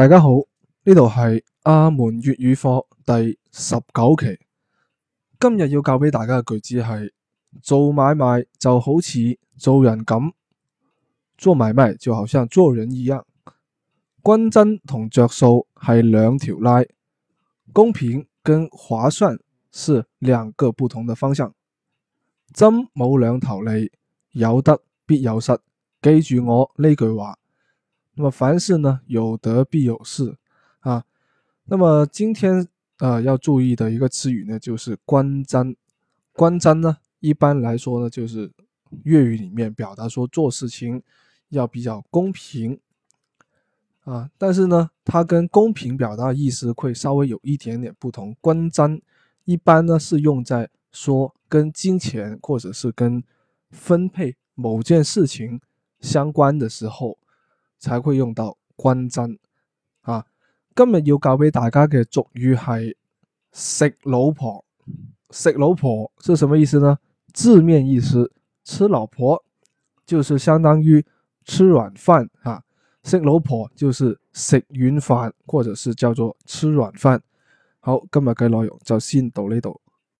大家好，呢度係阿門粵語課第十九期。今日要教俾大家嘅句子係：做買賣就好似做人咁，做買賣就好像做人一樣。均真同着數係兩條 line，公平跟劃算是兩個不同的方向。針冇兩頭利，有得必有失。記住我呢句話。那麼凡事呢，有得必有失，啊，那麼今天啊、呃、要注意的一個詞語呢，就是均真，均真呢，一般來說呢，就是粵語裏面表達說做事情要比較公平，啊，但是呢，它跟公平表達的意思會稍微有一點點不同，均真一般呢是用在說跟金錢或者是跟分配某件事情相關的時候。才會用到均真嚇，啊，今日要教俾大家嘅俗語係食老婆，食老婆是什麼意思呢？字面意思，吃老婆就是相當於吃軟飯啊，食老婆就是食軟飯，或者是叫做吃軟飯。好，今日嘅內容就先到呢度。